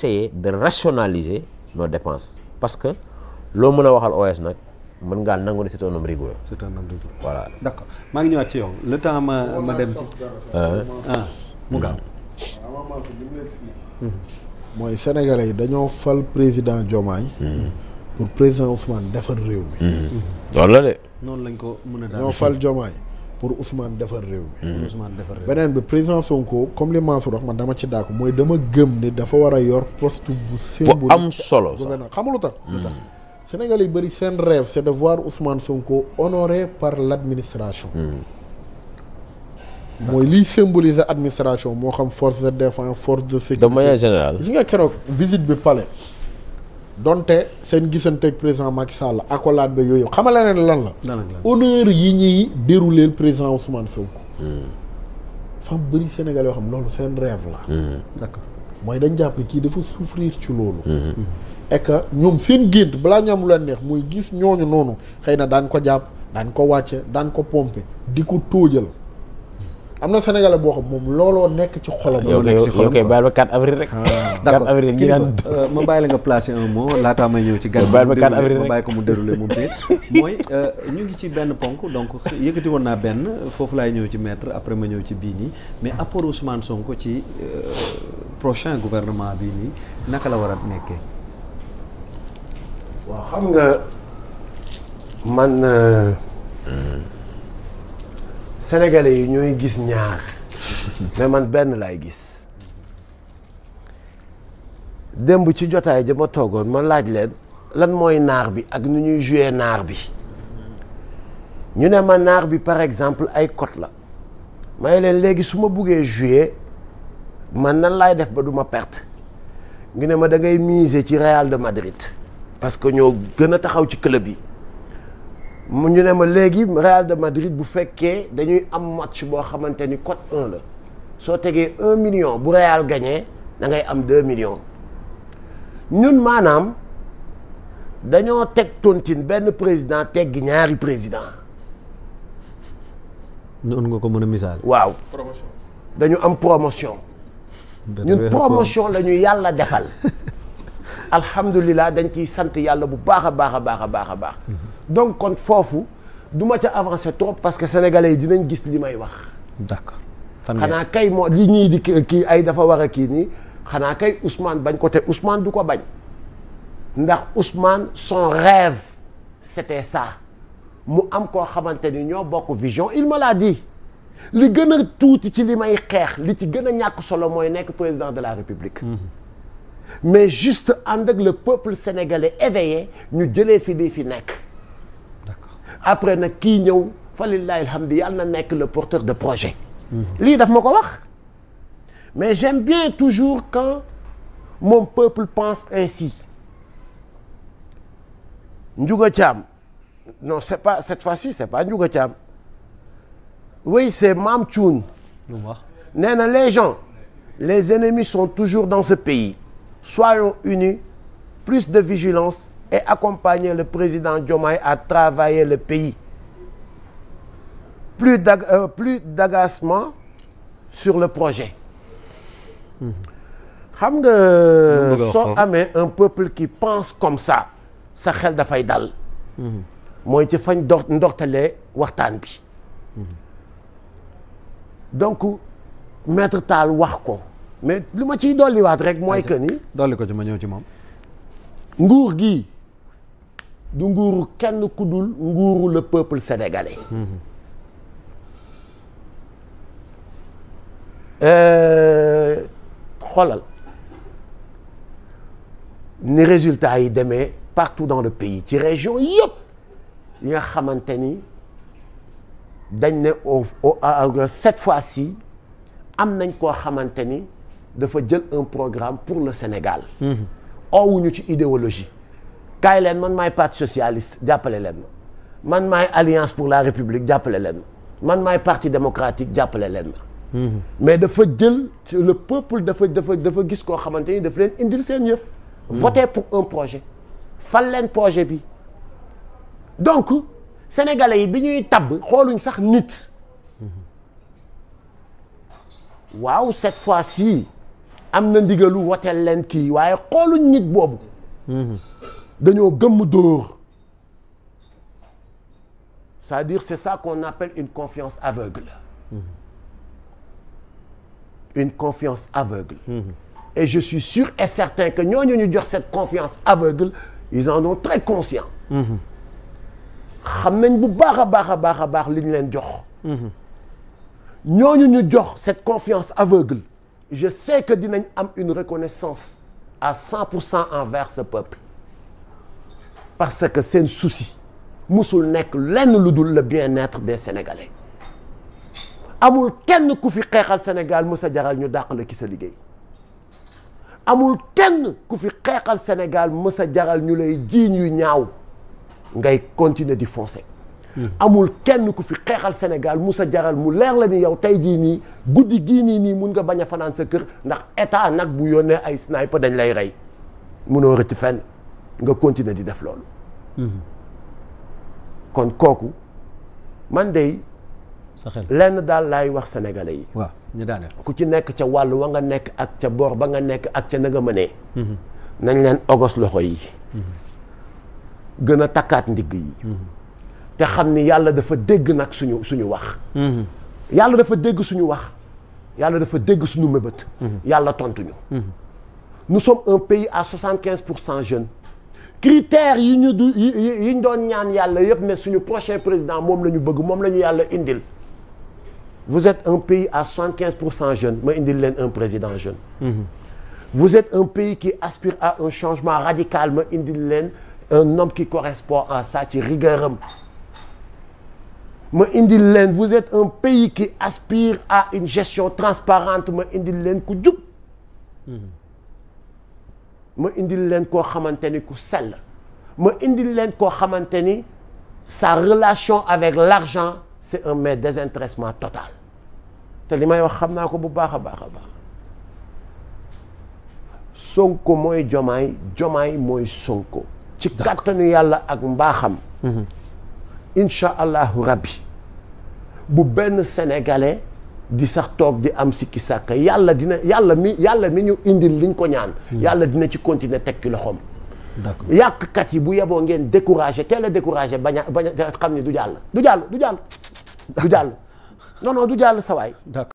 essayer de rationaliser nos dépenses parce que loo mën a waxal OS nag mën ngaa nangu ne c'est un homme rigoureux. c'est un voilà. d'accord maa ngi ñëwaat ci yow le ma ma dem ci. ah, ah, ah hmm. mooy sénégalais yi dañoo fal président Diomaye. Hmm. pour président Ousmane defar réew mi. Hmm. loolu la noonu lañ ko mën a daal ñoo fal Diomaye. pour Ousmane defar réew mi. Ousmane defar réew mi beneen bi président Sonko comme li Mansour wax man dama ci dàkk mooy dama gëm ne dafa war a yor poste bu. symbolique am solo sax xamul hmm. tax. Sénégal yi bëri seen rêve c' est de voir Ousmane Sonko honoré par l' administration. Hmm. mooy liy symboliser administration moo xam force de défense force de sécurité. de manière générale. gis nga keroog visite bi palais. donte seen gisanteeg président Macky Sall accolade ba yooyu xamal la ne lan la. honneur yi ñuy déroulé président Ousmane Sonko. dafa hmm. am bëri Sénégal yoo xam loolu seen rêve la. Hmm. d'accord mooy dañ jàpp ne kii dafa souffrir ci loolu. Hmm. et que ñoom seen gént balaa ñu am lu leen neex muy gis ñooñu noonu xëy na daan ko jàpp daan ko wàcce daan ko pompe di ko tóojal. am na sénégalais boo xam moom looloo nekk ci xolam. looloo nekk ci xolam yow kay baal ba 4 avril rek. Ah. d'accord 4 euh, ma bàyyi la nga placer un mot laataa may ñëw ci. gan baal ba 4 avril rek ma bàyyi ko mu déroulé moom tey. mooy euh, ñu ngi ci benn ponk donc yëkkati woon naa benn foofu laay ñëw ci maître après ma ñëw ci bii nii mais apport Ousmane Sonko ci euh, prochain gouvernement bii nii naka la war a nekkee. waaw xam nga man. sénégalais yi ñooy gis ñaar mais man benn laay gis démb ci jotaay ja ma toogoon ma laaj leen lan mooy naar bi ak ñu ñuy jouer naar bi ñu ne ma naar bi par exemple ay cote la may leen léegi su ma buggee jouer man nan laay def ba du ma perte ngi ne ma da ngay miser ci Real de Madrid parce que ñoo gën a taxaw ci club yi mu ñu ne ma léegi Real de Madrid bu fekkee dañuy am match boo xamante ni cote 1 la soo tegee un million bu Real gañee da ngay am 2 millions ñun maanaam dañoo teg tontin benn président teggi ñaari président. noonu nga ko mën a misaal. waaw promotion dañu am promotion. ñun promotion la ñu yàlla defal. alhamdulilah dañ ciy sant yàlla bu baax a baax a baax a baax a baax donc kon foofu du ma ca avancer trop parce que sénégalais yi dinañ gis li may wax d'accord xanaa kay moo li ñii di kii ay dafa war a kii nii xanaa kay Ousmane bañ ko te Ousmane du ko bañ ndax Ousmane son rêve c'était sa mu am koo xamante ni ñoo bokk vision il me l'a dit li gën a tuuti ci li may xeex li ci gën a ñàkk solo mooy nekk président de la République mmh. mais juste ànd ak le peuple sénégalais éveillé ñu jëlee fi lii fi nekk. d'accord après nag kii ñëw fa lillahi alhamdi yàlla na nekk le porteur de projet. lii daf ma ko wax. mais j'aime bien toujours quand mon peuple pense ainsi. Ndiouga Thiam non c'est pas cette fois-ci c'est pas Ndiouga Thiam oui c'est Mame Thioune. nee na les gens les ennemis sont toujours dans ce pays. soyons unis, plus de vigilance e accompagner le président Diomaye à travailler le pays. Plus euh, d'agacement sur le projet. xam nga soo amee un peuple qui pense comme ça sa xel dafay dal. mooy ci fañ dox ndoxtalee waxtaan bi. Mhm. donc maître Tall wax ko. mais li ma ciy dolliwaat rek mooy que ni. dolli ko ci ma ñëw ci moom. nguur gi du nguuru kenn ku dul nguuru le peuple sénégalais. Euh, xoolal ni résultats yi demee partout dans le pays ci région yëpp yi nga xamante ni dañ ne au fois-ci am nañ koo xamante ni. dafa jël un programme pour le Sénégal owuñu ci idéologie kaay leen man maay parti socialiste jàppale leen ma man maay alliance pour la république jàppale leen ma man maay parti démocratique jàppale leen ma mais dafa jël le peuple dafa dafa dafa gis koo xamante ni dafa leen indil seen yëf voter pour un projet fal leen projet bi donc sénégalais yi bi ñuy tabb xooluñ sax nit waaw cette fois si am na ndigalu woteel leen kii waaye xooluñ nit boobu dañoo gëmm dóor c'est-à-dire c'est ça qu'on appelle une confiance aveugle une confiance aveugle mmh. et je suis sûr et certain que ñooñu ñu jox cette confiance aveugle ils en ont très conscient xam nañ bu baax a baax a baax a baax li leen jox ñooñu ñu jox cette confiance aveugle je sais que dinañ am une reconnaissance à cent pour cent envers ce peuple parce que seen souci musul nekk lenn lu dul la bien-être des Sénégalais amul kenn ku fi xeexal Sénégal mës sa jaral ñu dàq la ki sa liggéey amul kenn ku fi xeexal Sénégal mës a jaral ñu lay jiiñ yu ñaaw ngay continuer di foncer. amul kenn ku fi xeexal senegal mu sa jaral mu leer la yow tey jii nii guddi gii nii nii mun nga bañ a fanaan sa kër ndax état nag bu yónnee ay sniper dañ lay rey munoo rëcc fenn nga continuer di def loolu. Mhm. kon kooku man de. sa lenn daal lay wax sénégalais yi. waaw ñu daane ku ci nekk ca wàll wa nga nekk ak ca boor ba nga nekk ak ca na nga mhm. nañ leen ogos loxo yi. Mhm. gën a takkaat ndigg yi. te xam ni yàlla dafa dégg nag suñu suñu wax mhm. yàlla dafa dégg suñu wax yàlla dafa dégg suñu mëbët mhm. yàlla tontuñu mhm. nous sommes un pays à soixante quinze pour cent jeunes critères yi ñu du yi doon ñaan yàlla yëpp ne suñu prochain président moom la ñu bëgg moom la ñu yàlla indil vous êtes un pays à soixante quinze pour cent jeunes ma indil leen un président jeune vous êtes un pays qui aspire à un changement radical ma indil un homme qui correspond à ça ci rigueur am ma indil leen vous êtes un pays qui aspire a une gestion transparente ma indil leen ku jub mm-hmm. ma indil leen koo xamante ni ku sell ma indil leen koo xamante ni sa relation avec l'argent c'est un mais désintéressement total te li may wax xam naa ko bu baax a baax a baax Sonko mooy Jomaay Jomaay mooy Sonko ci kàttanu yàlla ak mbaaxam mm-hmm. incha allahu rabbi bu benn sénégalais di sax toog di am sikki sàkk yàlla dina yàlla mi yàlla mi ñu indil liñ ko ñaan. Hmm. yàlla dina ci continuer teg ci loxoom. d'accord yàqkat yi bu yeboo ngeen découragé teel a découragé bañ a bañ xam ni du jàll. du jàll du jàll du jàll du jàll sa